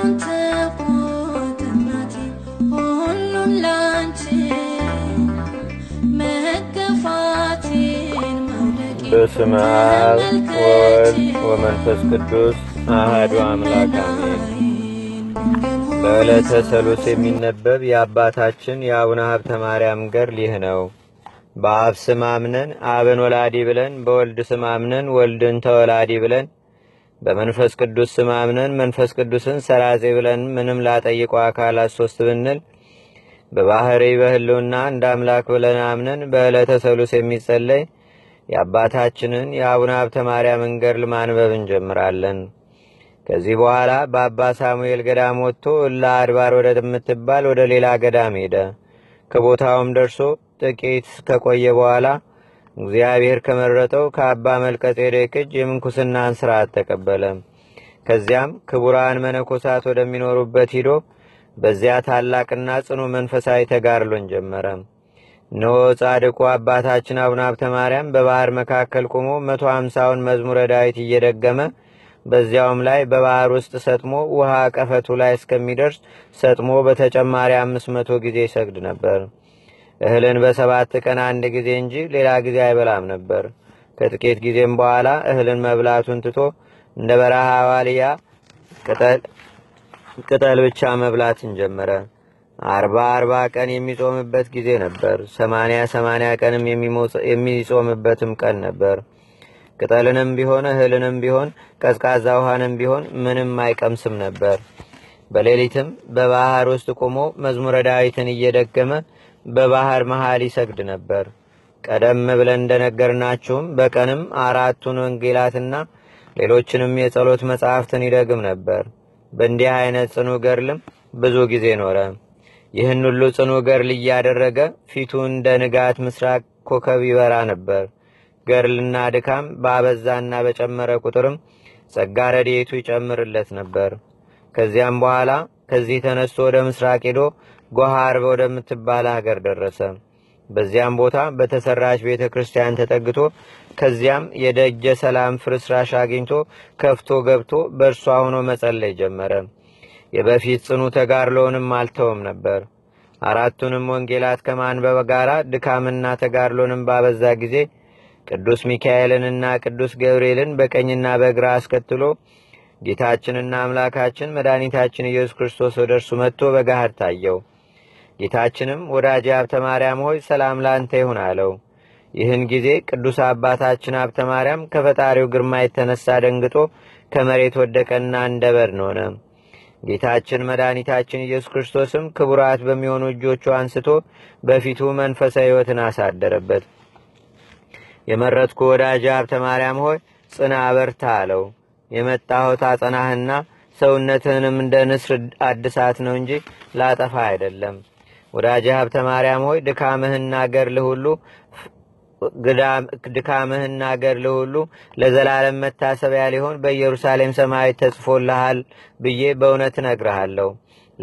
እናንተ ሞት በስመ አብ ወወልድ ወመንፈስ ቅዱስ አህዱ አምላክ አሜን። በዕለተ ሰሉስ የሚነበብ የአባታችን የአቡነ ሀብተ ማርያም ገድል ይህ ነው። በአብ ስም አምነን አብን ወላዲ ብለን፣ በወልድ ስም አምነን ወልድን ተወላዲ ብለን በመንፈስ ቅዱስ ስም አምነን መንፈስ ቅዱስን ሰራዜ ብለን ምንም ላጠይቆ አካላት ሶስት ብንል በባህሪ በህልውና እንደ አምላክ ብለን አምነን በዕለተ ሰሉስ የሚጸለይ የአባታችንን የአቡነ ሀብተ ማርያምን መንገድ ማንበብ እንጀምራለን። ከዚህ በኋላ በአባ ሳሙኤል ገዳም ወጥቶ እላ አድባር ወደምትባል ወደ ሌላ ገዳም ሄደ። ከቦታውም ደርሶ ጥቂት ከቆየ በኋላ እግዚአብሔር ከመረጠው ከአባ መልከ ጼዴቅ እጅ የምንኩስናን ስርዓት ተቀበለ። ከዚያም ክቡራን መነኮሳት ወደሚኖሩበት ሂዶ በዚያ ታላቅና ጽኑ መንፈሳዊ ተጋርሎን ጀመረ። እነሆ ጻድቁ አባታችን አቡነ ሀብተ ማርያም በባህር መካከል ቆሞ መቶ አምሳውን መዝሙረ ዳዊት እየደገመ በዚያውም ላይ በባህር ውስጥ ሰጥሞ ውሃ ቀፈቱ ላይ እስከሚደርስ ሰጥሞ በተጨማሪ አምስት መቶ ጊዜ ይሰግድ ነበር። እህልን በሰባት ቀን አንድ ጊዜ እንጂ ሌላ ጊዜ አይበላም ነበር። ከጥቂት ጊዜም በኋላ እህልን መብላቱን ትቶ እንደ በረሃ ዋልያ ቅጠል ብቻ መብላትን ጀመረ። አርባ አርባ ቀን የሚጾምበት ጊዜ ነበር። ሰማኒያ ሰማኒያ ቀንም የሚጾምበትም ቀን ነበር። ቅጠልንም ቢሆን እህልንም ቢሆን ቀዝቃዛ ውሃንም ቢሆን ምንም አይቀምስም ነበር። በሌሊትም በባህር ውስጥ ቆሞ መዝሙረ ዳዊትን እየደገመ በባህር መሃል ይሰግድ ነበር። ቀደም ብለን እንደነገርናችሁም በቀንም አራቱን ወንጌላትና ሌሎችንም የጸሎት መጻሕፍትን ይደግም ነበር። በእንዲህ አይነት ጽኑ ገርልም ብዙ ጊዜ ኖረ። ይህን ሁሉ ጽኑ ገርል እያደረገ ፊቱ እንደ ንጋት ምስራቅ ኮከብ ይበራ ነበር። ገርልና ድካም በአበዛና በጨመረ ቁጥርም ጸጋ ረድቱ ይጨምርለት ነበር። ከዚያም በኋላ ከዚህ ተነስቶ ወደ ምስራቅ ሄዶ ጎሃ አርበ ወደምትባል ሀገር ደረሰ። በዚያም ቦታ በተሰራች ቤተ ክርስቲያን ተጠግቶ ከዚያም የደጀ ሰላም ፍርስራሽ አግኝቶ ከፍቶ ገብቶ በእርሷ ሆኖ መጸለይ ጀመረ። የበፊት ጽኑ ተጋድሎውንም አልተውም ነበር። አራቱንም ወንጌላት ከማንበብ ጋር ድካምና ተጋድሎንም ባበዛ ጊዜ ቅዱስ ሚካኤልንና ቅዱስ ገብርኤልን በቀኝና በግራ አስከትሎ ጌታችንና አምላካችን መድኃኒታችን ኢየሱስ ክርስቶስ ወደ እርሱ መጥቶ በጋህር ታየው። ጌታችንም ወዳጅ አብተ ማርያም ሆይ ሰላም ላንተ ይሁን አለው። ይህን ጊዜ ቅዱስ አባታችን አብተ ማርያም ከፈጣሪው ግርማ የተነሳ ደንግጦ ከመሬት ወደቀና እንደ በድን ሆነ። ጌታችን መድኃኒታችን ኢየሱስ ክርስቶስም ክቡራት በሚሆኑ እጆቹ አንስቶ በፊቱ መንፈሳዊ ሕይወትን አሳደረበት። የመረጥኩ ወዳጅ አብተ ማርያም ሆይ ጽና፣ በርታ አለው። የመጣሁት አጸናህና ሰውነትህንም እንደ ንስር አድሳት ነው እንጂ ላጠፋ አይደለም። ወዳጅ ሀብተ ማርያም ሆይ ድካምህና ገድልህ ሁሉ ድካምህና ገድልህ ሁሉ ለዘላለም መታሰቢያ ሊሆን በኢየሩሳሌም ሰማይ ተጽፎልሃል ብዬ በእውነት እነግርሃለሁ።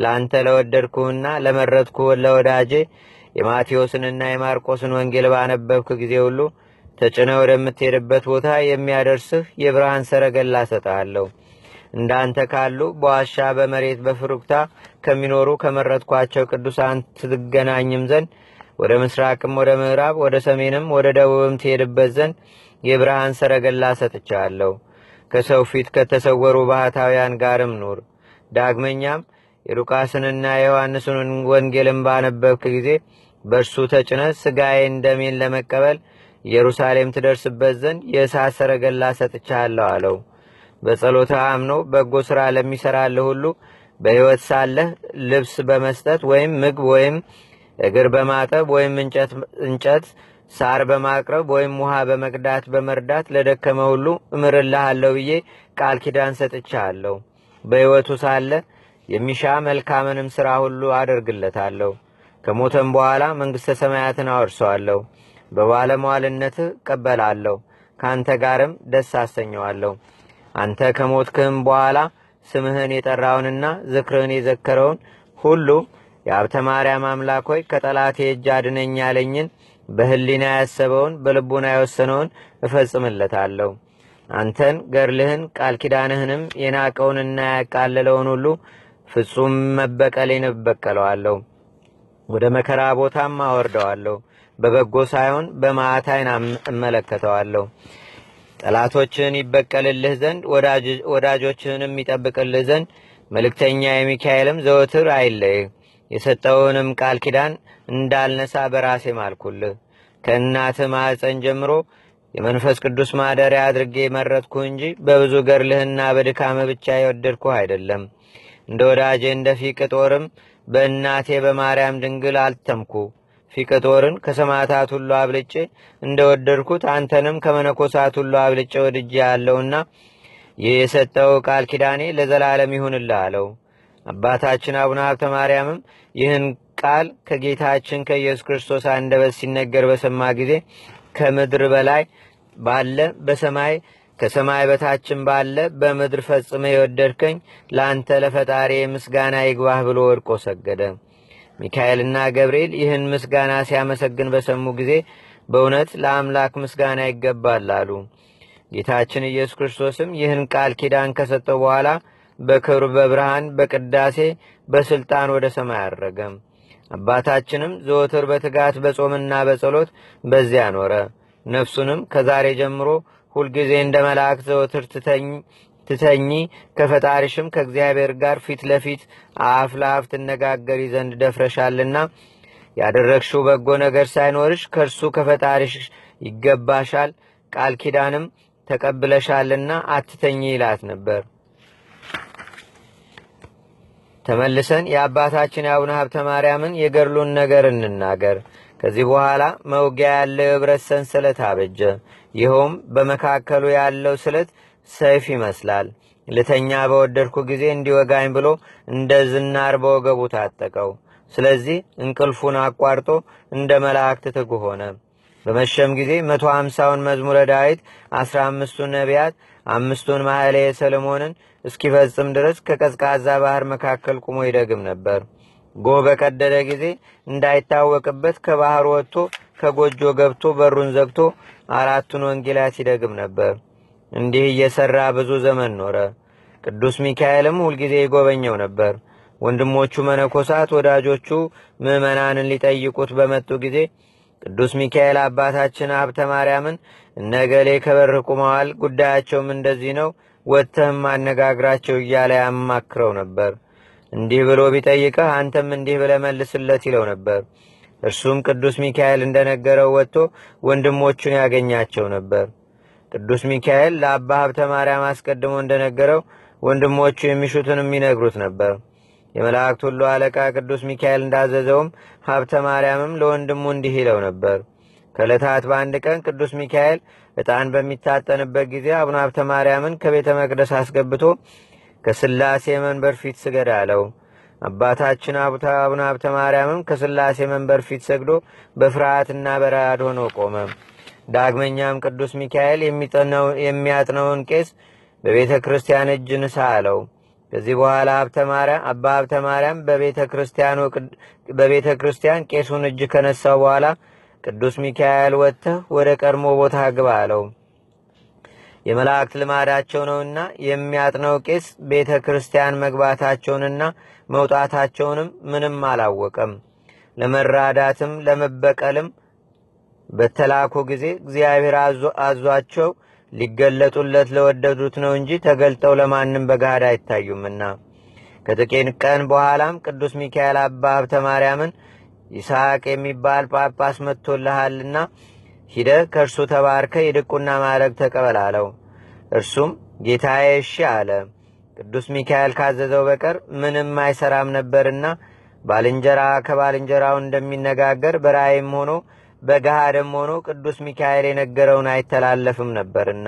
ለአንተ ለወደድኩህና ለመረጥኩህ ለወዳጄ የማቴዎስንና የማርቆስን ወንጌል ባነበብክ ጊዜ ሁሉ ተጭነ ወደምትሄድበት ቦታ የሚያደርስህ የብርሃን ሰረገላ ሰጠሃለሁ። እንዳንተ ካሉ በዋሻ በመሬት በፍሩክታ ከሚኖሩ ከመረጥኳቸው ቅዱሳን ትገናኝም ዘንድ ወደ ምስራቅም ወደ ምዕራብ ወደ ሰሜንም ወደ ደቡብም ትሄድበት ዘንድ የብርሃን ሰረገላ ሰጥቻለሁ። ከሰው ፊት ከተሰወሩ ባህታውያን ጋርም ኑር። ዳግመኛም የሉቃስንና የዮሐንስን ወንጌልን ባነበብክ ጊዜ በእርሱ ተጭነ ስጋዬ ደሜን ለመቀበል ኢየሩሳሌም ትደርስበት ዘንድ የእሳት ሰረገላ ሰጥቻለሁ አለው። በጸሎተ አምኖ በጎ ስራ ለሚሰራለ ሁሉ በሕይወት ሳለህ ልብስ በመስጠት ወይም ምግብ ወይም እግር በማጠብ ወይም እንጨት ሳር በማቅረብ ወይም ውሃ በመቅዳት በመርዳት ለደከመ ሁሉ እምርልሃለሁ ብዬ ቃል ኪዳን ሰጥቻለሁ። በሕይወቱ ሳለ የሚሻ መልካምንም ሥራ ሁሉ አደርግለታለሁ። ከሞተም በኋላ መንግሥተ ሰማያትን አወርሰዋለሁ። በባለመዋልነትህ እቀበላለሁ፣ ከአንተ ጋርም ደስ አሰኘዋለሁ። አንተ ከሞትክም በኋላ ስምህን የጠራውንና ዝክርህን የዘከረውን ሁሉ የአብተ ማርያም አምላክ ሆይ ከጠላቴ እጅ አድነኝ ያለኝን በህሊና ያሰበውን በልቡና የወሰነውን እፈጽምለታለሁ። አንተን ገርልህን ቃል ኪዳንህንም የናቀውንና ያቃለለውን ሁሉ ፍጹም መበቀሌን እበቀለዋለሁ። ወደ መከራ ቦታም አወርደዋለሁ። በበጎ ሳይሆን በማዕታይን እመለከተዋለሁ። ጠላቶችን ይበቀልልህ ዘንድ ወዳጆችህንም ይጠብቅልህ ዘንድ መልእክተኛ የሚካኤልም ዘወትር አይለይ የሰጠውንም ቃል ኪዳን እንዳልነሳ በራሴ ማልኩልህ። ከእናት ማኅፀን ጀምሮ የመንፈስ ቅዱስ ማደሪያ አድርጌ መረጥኩ እንጂ በብዙ ገርልህና በድካም ብቻ የወደድኩ አይደለም። እንደ ወዳጄ እንደ ፊቅ ጦርም በእናቴ በማርያም ድንግል አልተምኩ። ፊቅጦርን ከሰማዕታት ሁሉ አብልጬ እንደወደድኩት አንተንም ከመነኮሳት ሁሉ አብልጬ ወድጄ ያለውና ይህ የሰጠው ቃል ኪዳኔ ለዘላለም ይሁንልህ አለው። አባታችን አቡነ ሀብተ ማርያምም ይህን ቃል ከጌታችን ከኢየሱስ ክርስቶስ አንደበት ሲነገር በሰማ ጊዜ ከምድር በላይ ባለ በሰማይ ከሰማይ በታችን ባለ በምድር ፈጽመ የወደድከኝ ለአንተ ለፈጣሪ ምስጋና ይግባህ ብሎ ወድቆ ሰገደ። ሚካኤልና ገብርኤል ይህን ምስጋና ሲያመሰግን በሰሙ ጊዜ በእውነት ለአምላክ ምስጋና ይገባል አሉ። ጌታችን ኢየሱስ ክርስቶስም ይህን ቃል ኪዳን ከሰጠው በኋላ በክብር በብርሃን በቅዳሴ በስልጣን ወደ ሰማይ አረገም። አባታችንም ዘወትር በትጋት በጾምና በጸሎት በዚያ ኖረ። ነፍሱንም ከዛሬ ጀምሮ ሁልጊዜ እንደ መላእክት ዘወትር ትተኝ ትተኚ ከፈጣሪሽም ከእግዚአብሔር ጋር ፊት ለፊት አፍ ለአፍ ትነጋገሪ ዘንድ ደፍረሻልና ያደረግሽው በጎ ነገር ሳይኖርሽ ከእርሱ ከፈጣሪሽ ይገባሻል፣ ቃል ኪዳንም ተቀብለሻልና አትተኚ ይላት ነበር። ተመልሰን የአባታችን የአቡነ ሀብተ ማርያምን የገድሉን ነገር እንናገር። ከዚህ በኋላ መውጊያ ያለው የብረት ሰንሰለት አበጀ። ይኸውም በመካከሉ ያለው ስለት ሰይፍ ይመስላል። ልተኛ በወደድኩ ጊዜ እንዲወጋኝ ብሎ እንደ ዝናር በወገቡ ታጠቀው። ስለዚህ እንቅልፉን አቋርጦ እንደ መላእክት ትጉ ሆነ። በመሸም ጊዜ መቶ አምሳውን መዝሙረ ዳዊት አስራ አምስቱን ነቢያት አምስቱን ማህሌ ሰለሞንን እስኪፈጽም ድረስ ከቀዝቃዛ ባህር መካከል ቁሞ ይደግም ነበር። ጎ በቀደደ ጊዜ እንዳይታወቅበት ከባህር ወጥቶ ከጎጆ ገብቶ በሩን ዘግቶ አራቱን ወንጌላት ይደግም ነበር። እንዲህ እየሠራ ብዙ ዘመን ኖረ። ቅዱስ ሚካኤልም ሁልጊዜ ይጎበኘው ነበር። ወንድሞቹ መነኮሳት ወዳጆቹ ምዕመናንን ሊጠይቁት በመጡ ጊዜ ቅዱስ ሚካኤል አባታችን ሀብተ ማርያምን እነገሌ ከበር ቁመዋል፣ ጉዳያቸውም እንደዚህ ነው፣ ወጥተህም አነጋግራቸው እያለ ያማክረው ነበር። እንዲህ ብሎ ቢጠይቅህ አንተም እንዲህ ብለህ መልስለት ይለው ነበር። እርሱም ቅዱስ ሚካኤል እንደነገረው ወጥቶ ወንድሞቹን ያገኛቸው ነበር። ቅዱስ ሚካኤል ለአባ ሀብተ ማርያም አስቀድሞ እንደነገረው ወንድሞቹ የሚሹትንም ይነግሩት ነበር። የመላእክት ሁሉ አለቃ ቅዱስ ሚካኤል እንዳዘዘውም ሀብተ ማርያምም ለወንድሙ እንዲህ ይለው ነበር። ከለታት በአንድ ቀን ቅዱስ ሚካኤል ዕጣን በሚታጠንበት ጊዜ አቡነ ሀብተ ማርያምን ከቤተ መቅደስ አስገብቶ ከስላሴ መንበር ፊት ስገድ አለው። አባታችን አቡነ ሀብተ ማርያምም ከስላሴ መንበር ፊት ሰግዶ በፍርሃትና በረድ ሆኖ ቆመ። ዳግመኛም ቅዱስ ሚካኤል የሚያጥነውን ቄስ በቤተ ክርስቲያን እጅ ንሳ አለው። ከዚህ በኋላ አባ ሀብተ ማርያም በቤተ ክርስቲያን ቄሱን እጅ ከነሳው በኋላ ቅዱስ ሚካኤል ወጥተህ ወደ ቀድሞ ቦታ ግባ አለው። የመላእክት ልማዳቸው ነውና የሚያጥነው ቄስ ቤተ ክርስቲያን መግባታቸውንና መውጣታቸውንም ምንም አላወቀም። ለመራዳትም ለመበቀልም በተላኩ ጊዜ እግዚአብሔር አዟቸው ሊገለጡለት ለወደዱት ነው እንጂ ተገልጠው ለማንም በጋድ አይታዩምና ከጥቂት ቀን በኋላም ቅዱስ ሚካኤል አባ ሀብተ ማርያምን ይስሐቅ የሚባል ጳጳስ መጥቶልሃልና ሂደ ከእርሱ ተባርከ የድቁና ማዕረግ ተቀበል አለው እርሱም ጌታዬ እሺ አለ ቅዱስ ሚካኤል ካዘዘው በቀር ምንም አይሰራም ነበርና ባልንጀራ ከባልንጀራው እንደሚነጋገር በራይም ሆኖ በገሃድም ሆኖ ቅዱስ ሚካኤል የነገረውን አይተላለፍም ነበርና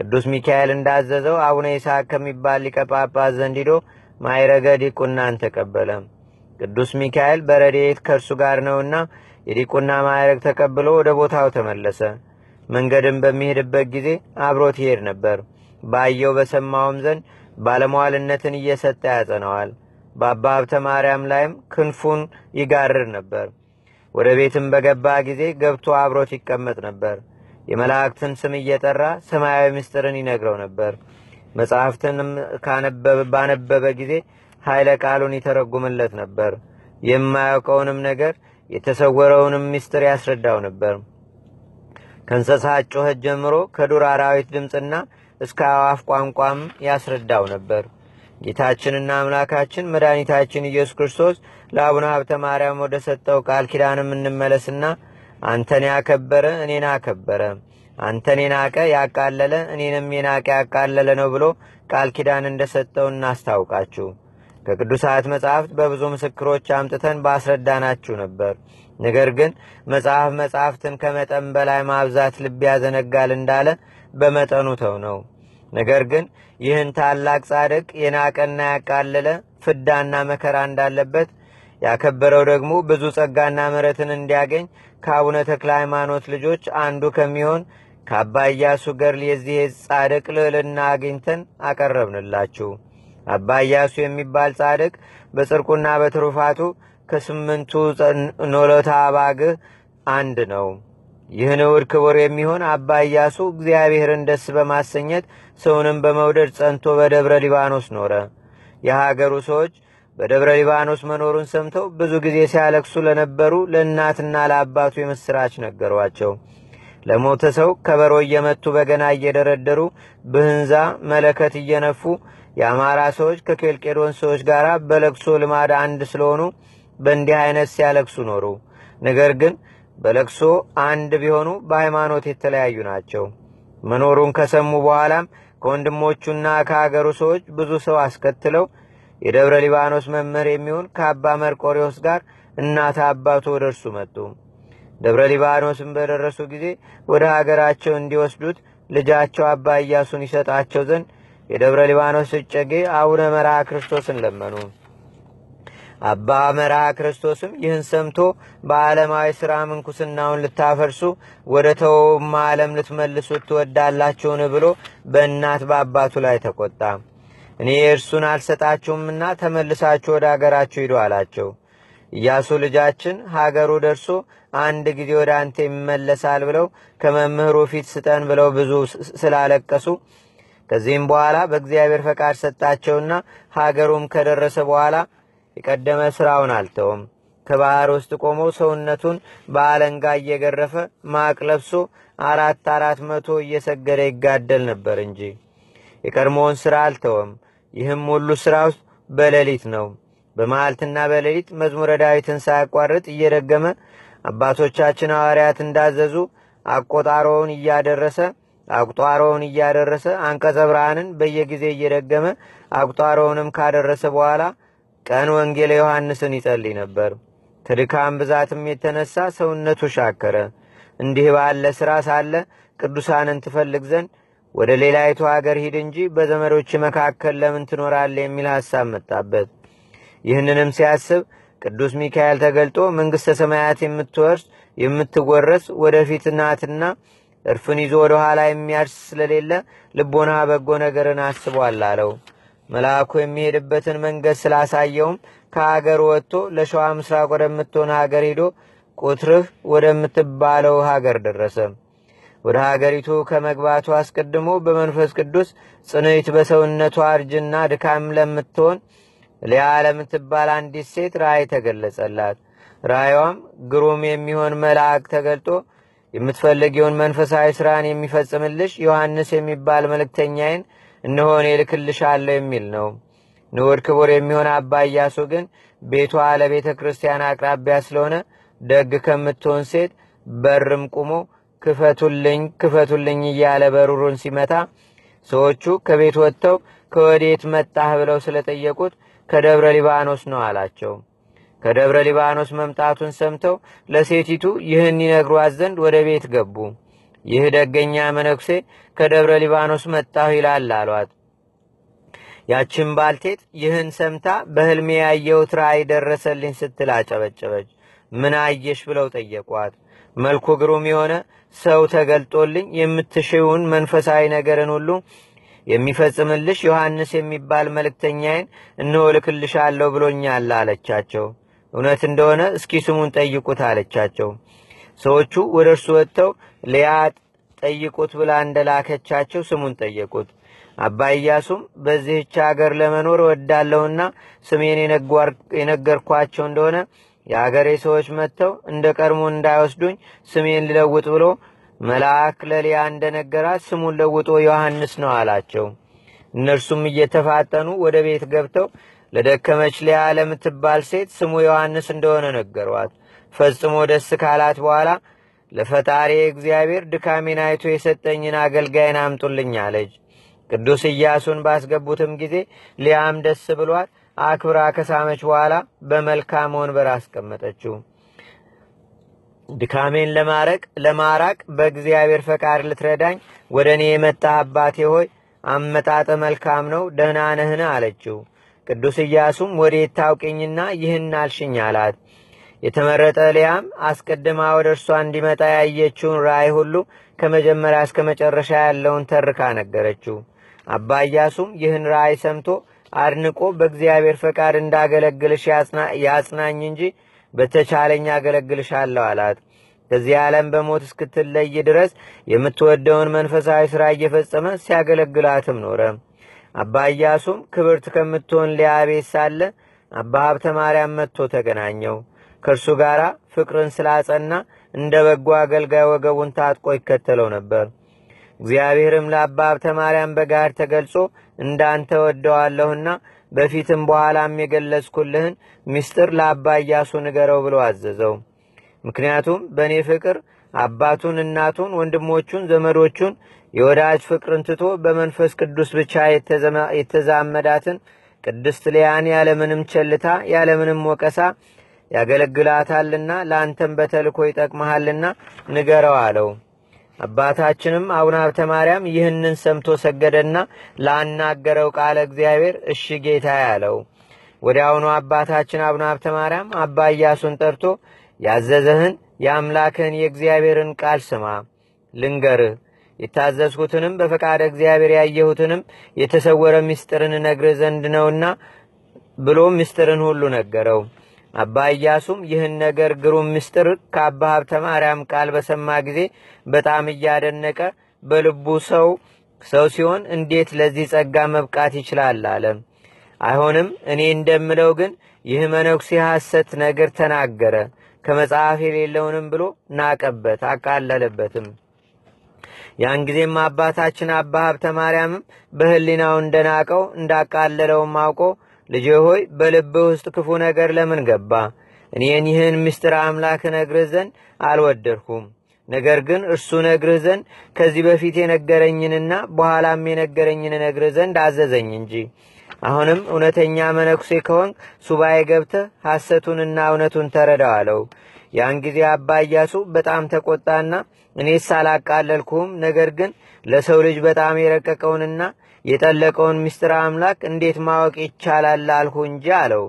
ቅዱስ ሚካኤል እንዳዘዘው አቡነ ይስሐቅ ከሚባል ሊቀ ጳጳስ ዘንድ ሂዶ ማይረገ ዲቁናን ተቀበለ። ቅዱስ ሚካኤል በረድኤት ከእርሱ ጋር ነውና የዲቁና ማዕረግ ተቀብሎ ወደ ቦታው ተመለሰ። መንገድም በሚሄድበት ጊዜ አብሮት ይሄድ ነበር። ባየው በሰማውም ዘንድ ባለመዋልነትን እየሰጠ ያጸነዋል። በአባ ሀብተ ማርያም ላይም ክንፉን ይጋርር ነበር። ወደ ቤትም በገባ ጊዜ ገብቶ አብሮት ይቀመጥ ነበር። የመላእክትን ስም እየጠራ ሰማያዊ ምስጢርን ይነግረው ነበር። መጽሐፍትንም ባነበበ ጊዜ ኃይለ ቃሉን ይተረጉምለት ነበር። የማያውቀውንም ነገር የተሰወረውንም ምስጢር ያስረዳው ነበር። ከእንስሳት ጩኸት ጀምሮ ከዱር አራዊት ድምፅና እስከ አዋፍ ቋንቋም ያስረዳው ነበር። ጌታችንና አምላካችን መድኃኒታችን ኢየሱስ ክርስቶስ ለአቡነ ሀብተ ማርያም ወደ ሰጠው ቃል ኪዳንም እንመለስና አንተን ያከበረ እኔን አከበረ፣ አንተን የናቀ ያቃለለ እኔንም የናቀ ያቃለለ ነው ብሎ ቃል ኪዳን ሰጠው እናስታውቃችሁ። ከቅዱሳት መጻሕፍት በብዙ ምስክሮች አምጥተን ባስረዳናችሁ ነበር። ነገር ግን መጽሐፍ መጽሐፍትን ከመጠን በላይ ማብዛት ልብ ያዘነጋል እንዳለ በመጠኑ ተው ነው ነገር ግን ይህን ታላቅ ጻድቅ የናቀና ያቃለለ ፍዳና መከራ እንዳለበት ያከበረው ደግሞ ብዙ ጸጋና ምረትን እንዲያገኝ ከአቡነ ተክለ ሃይማኖት ልጆች አንዱ ከሚሆን ከአባ ኢያሱ ገድል የዚህ ጻድቅ ልዕልና አግኝተን አቀረብንላችሁ። አባ የሚባል ጻድቅ በጽርቁና በትሩፋቱ ከስምንቱ ኖሎታ አባግህ አንድ ነው። ይህን ውድ ክቡር የሚሆን አባ ኢያሱ እግዚአብሔርን ደስ በማሰኘት ሰውንም በመውደድ ጸንቶ በደብረ ሊባኖስ ኖረ። የሀገሩ ሰዎች በደብረ ሊባኖስ መኖሩን ሰምተው ብዙ ጊዜ ሲያለቅሱ ለነበሩ ለእናትና ለአባቱ የምስራች ነገሯቸው። ለሞተ ሰው ከበሮ እየመቱ በገና እየደረደሩ ብህንዛ መለከት እየነፉ የአማራ ሰዎች ከኬልቄዶን ሰዎች ጋር በለቅሶ ልማድ አንድ ስለሆኑ በእንዲህ አይነት ሲያለቅሱ ኖሩ። ነገር ግን በለቅሶ አንድ ቢሆኑ በሃይማኖት የተለያዩ ናቸው። መኖሩን ከሰሙ በኋላም ከወንድሞቹና ከአገሩ ሰዎች ብዙ ሰው አስከትለው የደብረ ሊባኖስ መምህር የሚሆን ከአባ መርቆሪዎስ ጋር እናት አባቱ ወደ እርሱ መጡ። ደብረ ሊባኖስም በደረሱ ጊዜ ወደ አገራቸው እንዲወስዱት ልጃቸው አባ እያሱን ይሰጣቸው ዘንድ የደብረ ሊባኖስ እጨጌ አቡነ መርሃ ክርስቶስን ለመኑ። አባ መርሃ ክርስቶስም ይህን ሰምቶ በዓለማዊ ሥራ ምንኩስናውን ልታፈርሱ ወደ ተውም ዓለም ልትመልሱ ትወዳላችሁን ብሎ በእናት በአባቱ ላይ ተቆጣ። እኔ እርሱን አልሰጣችሁምና ተመልሳችሁ ወደ አገራችሁ ሂዱ አላቸው። ኢያሱ ልጃችን ሀገሩ ደርሶ አንድ ጊዜ ወደ አንተ ይመለሳል ብለው ከመምህሩ ፊት ስጠን ብለው ብዙ ስላለቀሱ ከዚህም በኋላ በእግዚአብሔር ፈቃድ ሰጣቸውና ሀገሩም ከደረሰ በኋላ የቀደመ ስራውን አልተውም። ከባህር ውስጥ ቆሞ ሰውነቱን በአለንጋ እየገረፈ ማቅ ለብሶ አራት አራት መቶ እየሰገደ ይጋደል ነበር እንጂ የቀድሞውን ስራ አልተወም። ይህም ሁሉ ስራ ውስጥ በሌሊት ነው። በመዓልትና በሌሊት መዝሙረ ዳዊትን ሳያቋርጥ እየደገመ አባቶቻችን ሐዋርያት እንዳዘዙ አቆጣሮውን እያደረሰ አቁጣሮውን እያደረሰ አንቀጸ ብርሃንን በየጊዜ እየደገመ አቁጣሮውንም ካደረሰ በኋላ ቀን ወንጌል ዮሐንስን ይጸልይ ነበር። ትድካም ብዛትም የተነሳ ሰውነቱ ሻከረ። እንዲህ ባለ ሥራ ሳለ ቅዱሳንን ትፈልግ ዘንድ ወደ ሌላይቱ አገር ሂድ እንጂ በዘመዶች መካከል ለምን ትኖራለ የሚል ሐሳብ መጣበት። ይህንንም ሲያስብ ቅዱስ ሚካኤል ተገልጦ መንግሥተ ሰማያት የምትወርስ የምትወረስ ወደፊት ናትና እርፍን ይዞ ወደ ኋላ የሚያርስ ስለሌለ ልቦና በጎ ነገርን አስቧል አለው። መልአኩ የሚሄድበትን መንገድ ስላሳየውም ከሀገር ወጥቶ ለሸዋ ምስራቅ ወደምትሆን ሀገር ሄዶ ቁትርህ ወደምትባለው ሀገር ደረሰ። ወደ ሀገሪቱ ከመግባቱ አስቀድሞ በመንፈስ ቅዱስ ጽንዕት በሰውነቷ እርጅና ድካም ለምትሆን ሊያ ለምትባል አንዲት ሴት ራእይ ተገለጸላት። ራእይዋም ግሩም የሚሆን መልአክ ተገልጦ የምትፈልጊውን መንፈሳዊ ስራን የሚፈጽምልሽ ዮሐንስ የሚባል መልእክተኛዬን እነሆ እኔ እልክልሻለሁ የሚል ነው። ንዑድ ክቡር የሚሆን አባ እያሱ ግን ቤቷ ለቤተ ክርስቲያን አቅራቢያ ስለሆነ ደግ ከምትሆን ሴት በርም ቁሞ ክፈቱልኝ ክፈቱልኝ እያለ በሩሩን ሲመታ ሰዎቹ ከቤት ወጥተው ከወዴት መጣህ ብለው ስለጠየቁት ከደብረ ሊባኖስ ነው አላቸው። ከደብረ ሊባኖስ መምጣቱን ሰምተው ለሴቲቱ ይህን ይነግሯት ዘንድ ወደ ቤት ገቡ። ይህ ደገኛ መነኩሴ ከደብረ ሊባኖስ መጣሁ ይላል አሏት። ያችን ባልቴት ይህን ሰምታ በሕልሜ ያየሁት ራእይ ደረሰልኝ ስትል አጨበጨበች። ምን አየሽ ብለው ጠየቋት። መልኩ ግሩም የሆነ ሰው ተገልጦልኝ የምትሽውን መንፈሳዊ ነገርን ሁሉ የሚፈጽምልሽ ዮሐንስ የሚባል መልእክተኛዬን እነሆ ልክልሻለሁ ብሎኛል አለቻቸው። እውነት እንደሆነ እስኪ ስሙን ጠይቁት አለቻቸው። ሰዎቹ ወደ እርሱ ወጥተው ሊያጥ ጠይቁት ብላ እንደላከቻቸው ስሙን ጠየቁት። አባ ኢያሱም በዚህች አገር ለመኖር እወዳለሁና ስሜን የነገርኳቸው እንደሆነ የአገሬ ሰዎች መጥተው እንደ ቀድሞ እንዳይወስዱኝ ስሜን ልለውጥ ብሎ መልአክ ለሊያ እንደነገራት ስሙን ለውጦ ዮሐንስ ነው አላቸው። እነርሱም እየተፋጠኑ ወደ ቤት ገብተው ለደከመች ሊያ ለምትባል ሴት ስሙ ዮሐንስ እንደሆነ ነገሯት። ፈጽሞ ደስ ካላት በኋላ ለፈጣሪ እግዚአብሔር ድካሜን አይቶ የሰጠኝን አገልጋይን አምጡልኝ አለች። ቅዱስ ኢያሱን ባስገቡትም ጊዜ ሊያም ደስ ብሏል። አክብራ ከሳመች በኋላ በመልካም ወንበር አስቀመጠችው። ድካሜን ለማረቅ ለማራቅ በእግዚአብሔር ፈቃድ ልትረዳኝ ወደ እኔ የመጣ አባቴ ሆይ አመጣጠ መልካም ነው፣ ደህና ነህን አለችው። ቅዱስ ኢያሱም ወዴት ታውቅኝና ይህን አልሽኝ አላት። የተመረጠ ሊያም አስቀድማ ወደ እርሷ እንዲመጣ ያየችውን ራእይ ሁሉ ከመጀመሪያ እስከ መጨረሻ ያለውን ተርካ ነገረችው። አባ ይህን ራእይ ሰምቶ አድንቆ በእግዚአብሔር ፈቃድ እንዳገለግልሽ ያጽናኝ እንጂ በተቻለኝ አገለግልሻለሁ አላት። ከዚህ ዓለም በሞት እስክትለይ ድረስ የምትወደውን መንፈሳዊ ሥራ እየፈጸመ ሲያገለግላትም ኖረ። አባ ክብርት ከምትሆን ሊያቤት ሳለ አባ ሀብተ ማርያም መጥቶ ተገናኘው። ከእርሱ ጋር ፍቅርን ስላጸና እንደ በጎ አገልጋይ ወገቡን ታጥቆ ይከተለው ነበር። እግዚአብሔርም ለአባ ሀብተ ማርያም በጋር ተገልጾ እንዳንተ ወደዋለሁና በፊትም በኋላም የገለጽኩልህን ምስጢር ለአባ እያሱ ንገረው ብሎ አዘዘው። ምክንያቱም በእኔ ፍቅር አባቱን፣ እናቱን፣ ወንድሞቹን፣ ዘመዶቹን የወዳጅ ፍቅርን ትቶ በመንፈስ ቅዱስ ብቻ የተዛመዳትን ቅድስት ሊያን ያለምንም ቸልታ ያለምንም ወቀሳ ያገለግላታልና ለአንተም በተልኮ ይጠቅመሃልና ንገረው አለው። አባታችንም አቡነ ሀብተ ማርያም ይህንን ሰምቶ ሰገደና ላናገረው ቃለ እግዚአብሔር እሺ ጌታ ያለው። ወዲያውኑ አባታችን አቡነ ሀብተ ማርያም አባ እያሱን ጠርቶ ያዘዘህን የአምላክህን የእግዚአብሔርን ቃል ስማ፣ ልንገርህ የታዘዝኩትንም በፈቃደ እግዚአብሔር ያየሁትንም የተሰወረ ምስጢርን ነግር ዘንድ ነውና ብሎ ምስጢርን ሁሉ ነገረው። አባ ኢያሱም ይህን ነገር ግሩም ምስጢር ከአባ ሀብተ ማርያም ቃል በሰማ ጊዜ በጣም እያደነቀ በልቡ ሰው ሰው ሲሆን እንዴት ለዚህ ጸጋ መብቃት ይችላል አለ። አይሆንም እኔ እንደምለው ግን ይህ መነኩሴ ሐሰት ነገር ተናገረ፣ ከመጽሐፍ የሌለውንም ብሎ ናቀበት፣ አቃለለበትም። ያን ጊዜም አባታችን አባ ሀብተ ማርያምም በህሊናው እንደናቀው እንዳቃለለውም አውቆ ልጄ ሆይ በልብህ ውስጥ ክፉ ነገር ለምን ገባ? እኔን ይህን ምስጢር አምላክ ነግርህ ዘንድ አልወደድሁም። ነገር ግን እርሱ ነግርህ ዘንድ ከዚህ በፊት የነገረኝንና በኋላም የነገረኝን ነግርህ ዘንድ አዘዘኝ እንጂ። አሁንም እውነተኛ መነኩሴ ከሆንክ ሱባኤ ገብተህ ሐሰቱንና እውነቱን ተረዳው አለው። ያን ጊዜ አባ እያሱ በጣም ተቆጣና እኔስ አላቃለልኩህም፣ ነገር ግን ለሰው ልጅ በጣም የረቀቀውንና የጠለቀውን ምስጢር አምላክ እንዴት ማወቅ ይቻላል አልሁ እንጂ አለው።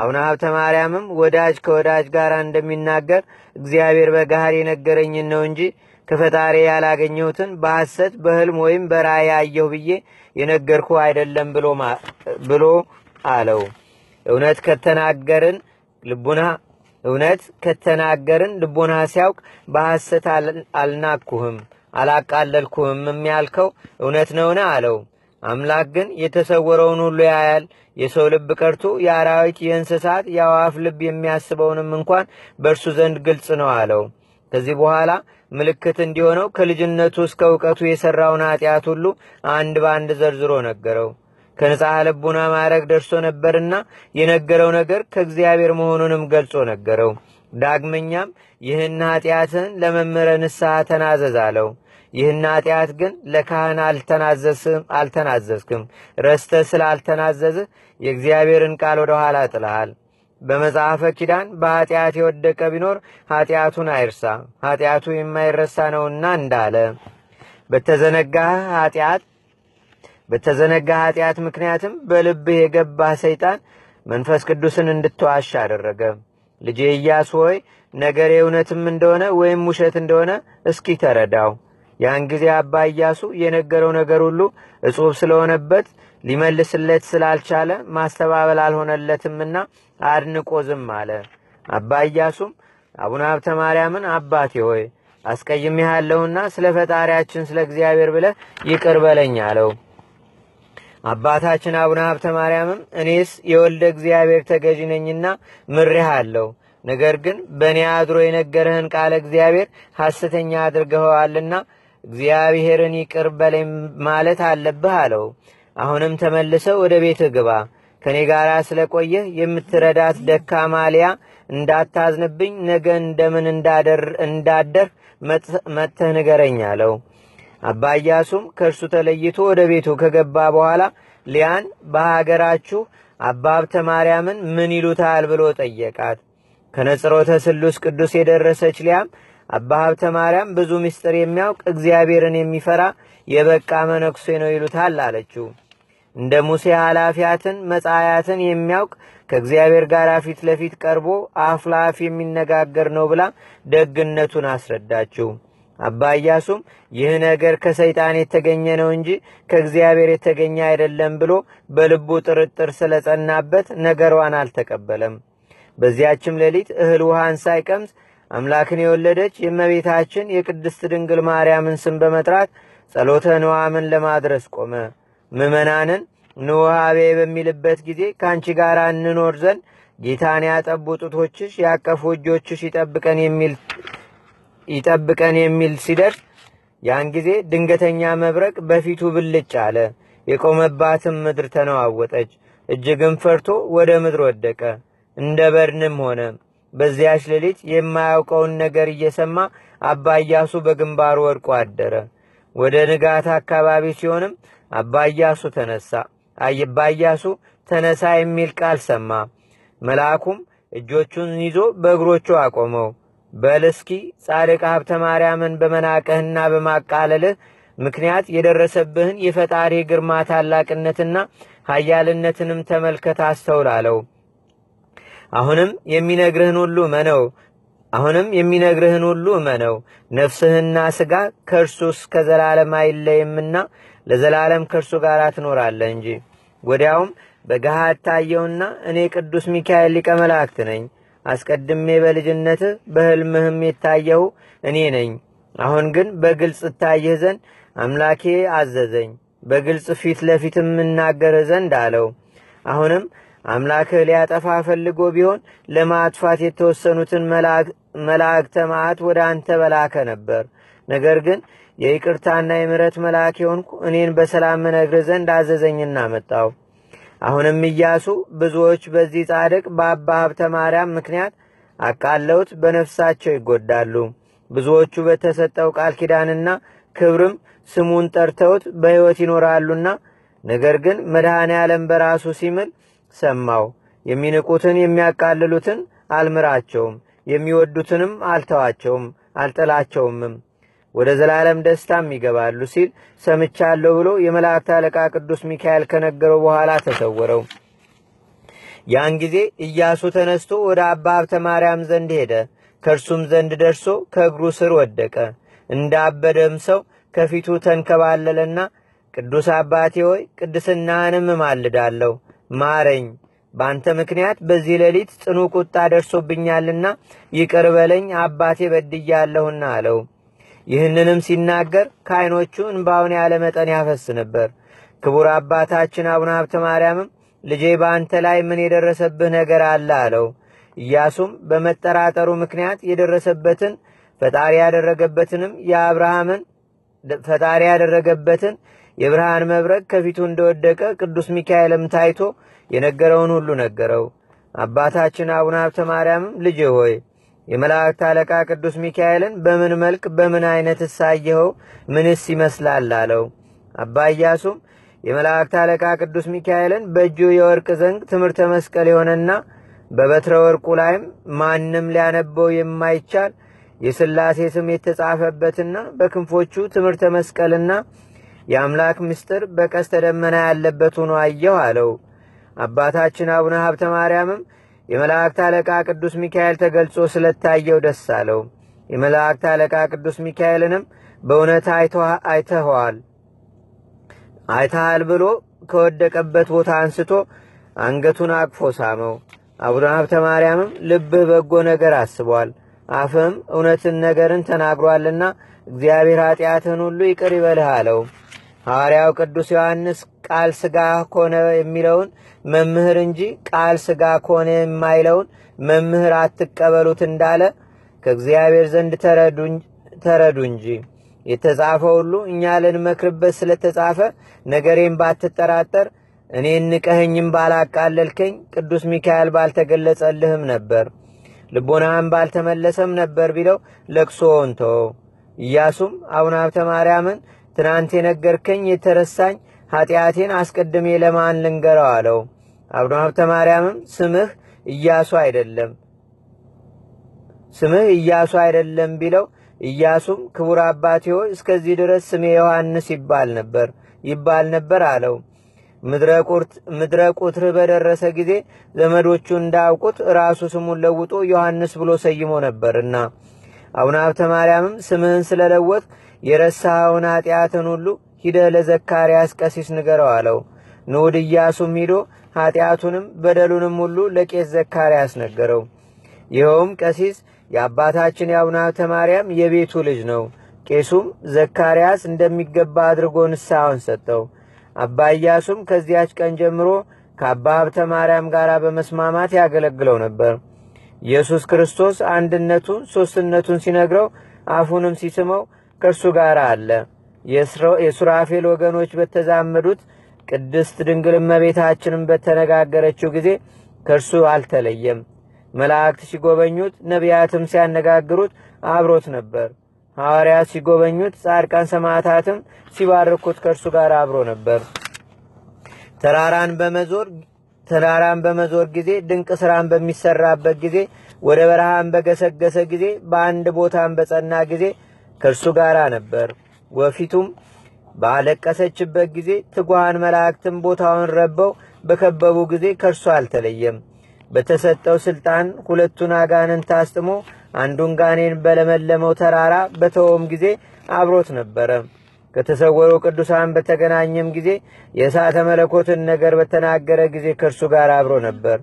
አቡነ ሀብተ ማርያምም ወዳጅ ከወዳጅ ጋር እንደሚናገር እግዚአብሔር በጋህር የነገረኝን ነው እንጂ ከፈጣሪ ያላገኘሁትን በሐሰት በህልም ወይም በራእይ አየሁ ብዬ የነገርኩ አይደለም ብሎ አለው። እውነት ከተናገርን ልቡና እውነት ከተናገርን ልቦና ሲያውቅ በሐሰት አልናኩህም አላቃለልኩህም የሚያልከው እውነት ነውን? አለው። አምላክ ግን የተሰወረውን ሁሉ ያያል። የሰው ልብ ቀርቶ የአራዊት፣ የእንስሳት፣ የአዋፍ ልብ የሚያስበውንም እንኳን በእርሱ ዘንድ ግልጽ ነው አለው። ከዚህ በኋላ ምልክት እንዲሆነው ከልጅነቱ እስከ እውቀቱ የሠራውን ኀጢአት ሁሉ አንድ በአንድ ዘርዝሮ ነገረው። ከንጽሐ ልቡና ማዕረግ ደርሶ ነበርና የነገረው ነገር ከእግዚአብሔር መሆኑንም ገልጾ ነገረው። ዳግመኛም ይህን ኃጢአትን ለመምህረ ንስሐ ተናዘዝ አለው። ይህን ኃጢአት ግን ለካህን አልተናዘዝክም፣ ረስተ ስላልተናዘዝህ የእግዚአብሔርን ቃል ወደ ኋላ ጥልሃል። በመጽሐፈ ኪዳን በኃጢአት የወደቀ ቢኖር ኃጢአቱን አይርሳ፣ ኃጢአቱ የማይረሳ ነውና እንዳለ በተዘነጋ ኃጢአት በተዘነጋ ኃጢአት ምክንያትም በልብህ የገባ ሰይጣን መንፈስ ቅዱስን እንድትዋሽ አደረገ። ልጄ ኢያሱ ሆይ ነገር የእውነትም እንደሆነ ወይም ውሸት እንደሆነ እስኪ ተረዳው። ያን ጊዜ አባ ኢያሱ የነገረው ነገር ሁሉ እጹብ ስለሆነበት ሊመልስለት ስላልቻለ ማስተባበል አልሆነለትምና አድንቆ ዝም አለ። አባ ኢያሱም አቡነ ሀብተ ማርያምን አባቴ ሆይ አስቀይሜሃለሁና ስለ ፈጣሪያችን ስለ እግዚአብሔር ብለህ ይቅር በለኝ አለው። አባታችን አቡነ ሀብተ ማርያምም እኔስ የወልደ እግዚአብሔር ተገዥ ነኝና ምሬህ አለው። ነገር ግን በእኔ አድሮ የነገረህን ቃለ እግዚአብሔር ሐሰተኛ አድርገኸዋልና እግዚአብሔርን ይቅር በላይ ማለት አለብህ አለው። አሁንም ተመልሰው ወደ ቤትህ ግባ። ከእኔ ጋር ስለቆየህ የምትረዳት ደካማ ሊያ እንዳታዝንብኝ ነገ እንደምን እንዳደር መጥተህ ንገረኝ አለው። አባ ኢያሱም ከእርሱ ተለይቶ ወደ ቤቱ ከገባ በኋላ ሊያን በሀገራችሁ አባብተ ማርያምን ምን ይሉታል ብሎ ጠየቃት። ከነጽሮተ ስሉስ ቅዱስ የደረሰች ሊያም አባ ሀብተ ማርያም ብዙ ምስጢር የሚያውቅ እግዚአብሔርን የሚፈራ የበቃ መነኩሴ ነው ይሉታል አለችው። እንደ ሙሴ ኃላፊያትን መጻያትን የሚያውቅ ከእግዚአብሔር ጋር ፊት ለፊት ቀርቦ አፍ ለአፍ የሚነጋገር ነው ብላ ደግነቱን አስረዳችው። አባ ኢያሱም ይህ ነገር ከሰይጣን የተገኘ ነው እንጂ ከእግዚአብሔር የተገኘ አይደለም ብሎ በልቡ ጥርጥር ስለጸናበት ነገሯን አልተቀበለም። በዚያችም ሌሊት እህል ውሃን ሳይቀምስ አምላክን የወለደች የእመቤታችን የቅድስት ድንግል ማርያምን ስም በመጥራት ጸሎተ ንዋምን ለማድረስ ቆመ። ምእመናንን ንውሃቤ በሚልበት ጊዜ ከአንቺ ጋር እንኖር ዘንድ ጌታን ያጠቡ ጡቶችሽ ያቀፉ እጆችሽ ይጠብቀን የሚል ሲደርስ ያን ጊዜ ድንገተኛ መብረቅ በፊቱ ብልጭ አለ። የቆመባትም ምድር ተነዋወጠች። እጅግም ፈርቶ ወደ ምድር ወደቀ፣ እንደ በድንም ሆነ። በዚያች ሌሊት የማያውቀውን ነገር እየሰማ አባ በግንባሩ ወድቆ አደረ። ወደ ንጋት አካባቢ ሲሆንም አባ ኢያሱ ተነሳ። አባ ተነሳ የሚል ቃል ሰማ። መልአኩም እጆቹን ይዞ በእግሮቹ አቆመው። በልስኪ ጻድቅ ሀብተ ማርያምን በመናቀህና በማቃለልህ ምክንያት የደረሰብህን የፈጣሪ ግርማ ታላቅነትና ኃያልነትንም ተመልከት አስተውላለው። አለው። አሁንም የሚነግርህን ሁሉ መነው አሁንም የሚነግርህን ሁሉ እመነው፣ ነፍስህና ስጋ ከእርሱ እስከ ዘላለም አይለይምና ለዘላለም ከእርሱ ጋር ትኖራለህ እንጂ። ወዲያውም በገሃ ታየውና እኔ ቅዱስ ሚካኤል ሊቀ መላእክት ነኝ፣ አስቀድሜ በልጅነትህ በሕልምህም የታየሁ እኔ ነኝ። አሁን ግን በግልጽ እታየህ ዘንድ አምላኬ አዘዘኝ፣ በግልጽ ፊት ለፊትም እናገርህ ዘንድ አለው። አሁንም አምላክህ ሊያጠፋ ፈልጎ ቢሆን ለማጥፋት የተወሰኑትን መላእክተ መዓት ወደ አንተ በላከ ነበር። ነገር ግን የይቅርታና የምረት መልአክ የሆንኩ እኔን በሰላም መነግር ዘንድ አዘዘኝና መጣው። አሁንም እያሱ ብዙዎች በዚህ ጻድቅ በአባ ሀብተ ማርያም ምክንያት አቃለውት በነፍሳቸው ይጎዳሉ። ብዙዎቹ በተሰጠው ቃል ኪዳንና ክብርም ስሙን ጠርተውት በሕይወት ይኖራሉና ነገር ግን መድኃኔ ዓለም በራሱ ሲምል ሰማው። የሚንቁትን የሚያቃልሉትን አልምራቸውም፣ የሚወዱትንም አልተዋቸውም አልጠላቸውምም ወደ ዘላለም ደስታም ይገባሉ ሲል ሰምቻለሁ ብሎ የመላእክት አለቃ ቅዱስ ሚካኤል ከነገረው በኋላ ተሰወረው። ያን ጊዜ እያሱ ተነስቶ ወደ አባ ሀብተ ማርያም ዘንድ ሄደ። ከእርሱም ዘንድ ደርሶ ከእግሩ ስር ወደቀ። እንደ አበደም ሰው ከፊቱ ተንከባለለና ቅዱስ አባቴ ሆይ ቅድስናህንም እማልዳለሁ ማረኝ በአንተ ምክንያት በዚህ ሌሊት ጽኑ ቁጣ ደርሶብኛልና ይቅር በለኝ አባቴ በድያለሁና አለው። ይህንንም ሲናገር ከዓይኖቹ እንባውን መጠን ያፈስ ነበር። ክቡር አባታችን አቡነ ሀብተ ማርያምም ልጄ በአንተ ላይ ምን የደረሰብህ ነገር አለ አለው። ኢያሱም በመጠራጠሩ ምክንያት የደረሰበትን ፈጣሪ ያደረገበትንም የአብርሃምን ፈጣሪ ያደረገበትን የብርሃን መብረቅ ከፊቱ እንደወደቀ ቅዱስ ሚካኤልም ታይቶ የነገረውን ሁሉ ነገረው። አባታችን አቡነ ሀብተ ማርያምም ልጅ ሆይ የመላእክት አለቃ ቅዱስ ሚካኤልን በምን መልክ በምን አይነት እሳየኸው? ምንስ ይመስላል አለው። አባ ኢያሱም የመላእክት አለቃ ቅዱስ ሚካኤልን በእጁ የወርቅ ዘንግ ትምህርተ መስቀል የሆነና በበትረ ወርቁ ላይም ማንም ሊያነበው የማይቻል የስላሴ ስም የተጻፈበትና በክንፎቹ ትምህርተ መስቀልና የአምላክ ምስጢር በቀስተ ደመና ያለበት ሆኖ አየሁ አለው። አባታችን አቡነ ሀብተ ማርያምም የመላእክት አለቃ ቅዱስ ሚካኤል ተገልጾ ስለታየው ደስ አለው። የመላእክት አለቃ ቅዱስ ሚካኤልንም በእውነት አይተኸዋል አይተሃል ብሎ ከወደቀበት ቦታ አንስቶ አንገቱን አቅፎ ሳመው። አቡነ ሀብተ ማርያምም ልብህ በጎ ነገር አስቧል፣ አፍህም እውነትን ነገርን ተናግሯልና እግዚአብሔር ኃጢአትህን ሁሉ ይቅር ይበልህ አለው። ሐዋርያው ቅዱስ ዮሐንስ ቃል ስጋ ኮነ የሚለውን መምህር እንጂ ቃል ስጋ ኮነ የማይለውን መምህር አትቀበሉት እንዳለ ከእግዚአብሔር ዘንድ ተረዱ እንጂ የተጻፈ ሁሉ እኛ ልንመክርበት ስለተጻፈ ነገሬን ባትጠራጠር እኔ ንቀኸኝም ባላቃለልከኝ ቅዱስ ሚካኤል ባልተገለጸልህም ነበር ልቦናህም ባልተመለሰም ነበር ቢለው ለቅሶውን ወንቶ ኢያሱም አቡነ ሀብተ ማርያምን ትናንት የነገርከኝ የተረሳኝ ኃጢአቴን አስቀድሜ ለማን ልንገረው አለው። አብዶ ሀብተ ማርያምም ስምህ እያሱ አይደለም ስምህ እያሱ አይደለም ቢለው እያሱም ክቡር አባቴ ሆይ እስከዚህ ድረስ ስሜ ዮሐንስ ይባል ነበር ይባል ነበር አለው። ምድረ ቁትር በደረሰ ጊዜ ዘመዶቹ እንዳያውቁት ራሱ ስሙን ለውጦ ዮሐንስ ብሎ ሰይሞ ነበርና አቡነ ሀብተ ማርያምም ስምህን ስለለወጥ የረሳኸውን ኃጢአትን ሁሉ ሂደ ለዘካርያስ ቀሲስ ንገረው አለው። ንዑድ ኢያሱም ሂዶ ኃጢአቱንም በደሉንም ሁሉ ለቄስ ዘካርያስ ነገረው። ይኸውም ቀሲስ የአባታችን የአቡነ ሀብተ ማርያም የቤቱ ልጅ ነው። ቄሱም ዘካርያስ እንደሚገባ አድርጎ ንስሐውን ሰጠው። አባ ኢያሱም ከዚያች ቀን ጀምሮ ከአባ ሀብተ ማርያም ጋር በመስማማት ያገለግለው ነበር። ኢየሱስ ክርስቶስ አንድነቱን ሦስትነቱን ሲነግረው አፉንም ሲስመው ከእሱ ጋር አለ። የሱራፌል ወገኖች በተዛመዱት ቅድስት ድንግል እመቤታችንም በተነጋገረችው ጊዜ ከእርሱ አልተለየም። መላእክት ሲጎበኙት፣ ነቢያትም ሲያነጋግሩት አብሮት ነበር። ሐዋርያት ሲጎበኙት፣ ጻድቃን ሰማዕታትም ሲባርኩት ከእርሱ ጋር አብሮ ነበር። ተራራን በመዞር ተራራን በመዞር ጊዜ ድንቅ ስራን በሚሰራበት ጊዜ ወደ በረሃን በገሰገሰ ጊዜ በአንድ ቦታን በጸና ጊዜ ከእርሱ ጋር ነበር። ወፊቱም ባለቀሰችበት ጊዜ ትጓን መላእክትም ቦታውን ረበው በከበቡ ጊዜ ከእርሱ አልተለየም። በተሰጠው ስልጣን ሁለቱን አጋንንት አስጥሞ አንዱን ጋኔን በለመለመው ተራራ በተወም ጊዜ አብሮት ነበረ። ከተሰወሩ ቅዱሳን በተገናኘም ጊዜ የእሳተ መለኮትን ነገር በተናገረ ጊዜ ከእርሱ ጋር አብሮ ነበር።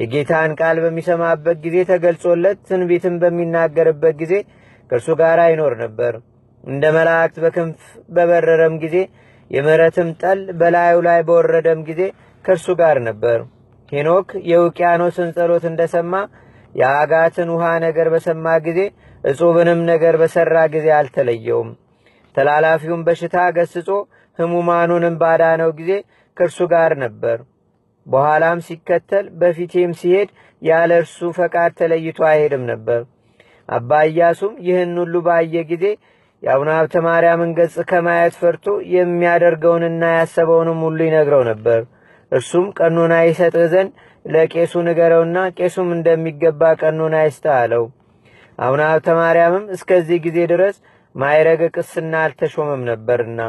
የጌታን ቃል በሚሰማበት ጊዜ ተገልጾለት ትንቢትን በሚናገርበት ጊዜ ከእርሱ ጋር ይኖር ነበር። እንደ መላእክት በክንፍ በበረረም ጊዜ የምሕረትም ጠል በላዩ ላይ በወረደም ጊዜ ከእርሱ ጋር ነበር። ሄኖክ የውቅያኖስን ጸሎት እንደሰማ የአጋትን ውሃ ነገር በሰማ ጊዜ እጹብንም ነገር በሠራ ጊዜ አልተለየውም። ተላላፊውን በሽታ ገስጾ ሕሙማኑንም ባዳነው ጊዜ ከእርሱ ጋር ነበር። በኋላም ሲከተል በፊቴም ሲሄድ ያለ እርሱ ፈቃድ ተለይቶ አይሄድም ነበር። አባ ኢያሱም ይህን ሁሉ ባየ ጊዜ የአቡነ ሀብተ ማርያምን ገጽ ከማየት ፈርቶ የሚያደርገውንና ያሰበውንም ሁሉ ይነግረው ነበር። እርሱም ቀኖና ይሰጥህ ዘንድ ለቄሱ ንገረውና ቄሱም እንደሚገባ ቀኖና ይስጥህ አለው። አቡነ ሀብተ ማርያምም እስከዚህ ጊዜ ድረስ ማይረግ ቅስና አልተሾመም ነበርና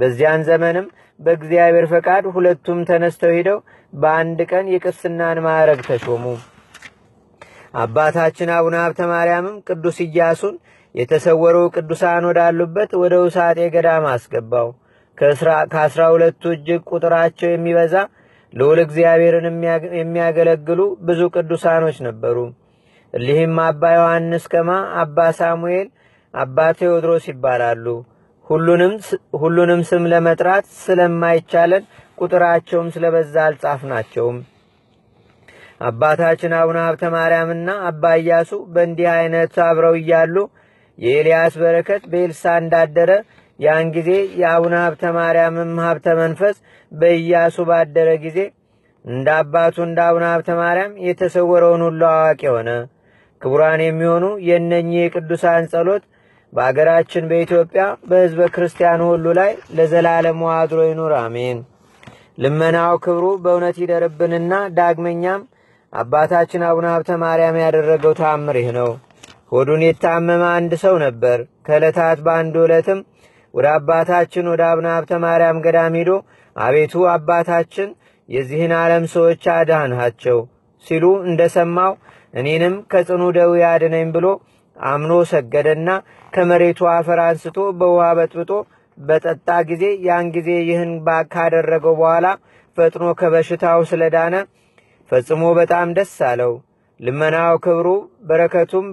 በዚያን ዘመንም በእግዚአብሔር ፈቃድ ሁለቱም ተነስተው ሂደው በአንድ ቀን የቅስናን ማዕረግ ተሾሙ። አባታችን አቡነ ሀብተ ማርያምም ቅዱስ እያሱን የተሰወሩ ቅዱሳን ወዳሉበት ወደ ውሳጤ ገዳም አስገባው። ከአስራ ሁለቱ እጅግ ቁጥራቸው የሚበዛ ልዑል እግዚአብሔርን የሚያገለግሉ ብዙ ቅዱሳኖች ነበሩ። እሊህም አባ ዮሐንስ ከማ፣ አባ ሳሙኤል፣ አባ ቴዎድሮስ ይባላሉ። ሁሉንም ስም ለመጥራት ስለማይቻለን ቁጥራቸውም ስለበዛ አልጻፍናቸውም። አባታችን አቡነ ሀብተ ማርያምና አባ ኢያሱ በእንዲህ አይነት አብረው እያሉ የኤልያስ በረከት በኤልሳ እንዳደረ ያን ጊዜ የአቡነ ሀብተ ማርያምም ሀብተ መንፈስ በእያሱ ባደረ ጊዜ እንደ አባቱ እንደ አቡነ ሀብተ ማርያም የተሰወረውን ሁሉ አዋቂ የሆነ ክቡራን የሚሆኑ የእነኚህ የቅዱሳን ጸሎት በአገራችን በኢትዮጵያ በሕዝበ ክርስቲያኑ ሁሉ ላይ ለዘላለም አድሮ ይኑር። አሜን። ልመናው ክብሩ በእውነት ይደርብንና ዳግመኛም አባታችን አቡነ ሀብተ ማርያም ያደረገው ተአምር ይህ ነው። ሆዱን የታመመ አንድ ሰው ነበር። ከዕለታት በአንድ ዕለትም ወደ አባታችን ወደ አቡነ ሀብተ ማርያም ገዳም ሂዶ አቤቱ አባታችን የዚህን ዓለም ሰዎች አዳንሃቸው ሲሉ እንደሰማው እኔንም ከጽኑ ደዌ አድነኝ ብሎ አምኖ ሰገደና ከመሬቱ አፈር አንስቶ በውሃ በጥብጦ በጠጣ ጊዜ ያን ጊዜ ይህን ካደረገው በኋላ ፈጥኖ ከበሽታው ስለዳነ ፈጽሞ በጣም ደስ አለው። ልመናው፣ ክብሩ፣ በረከቱም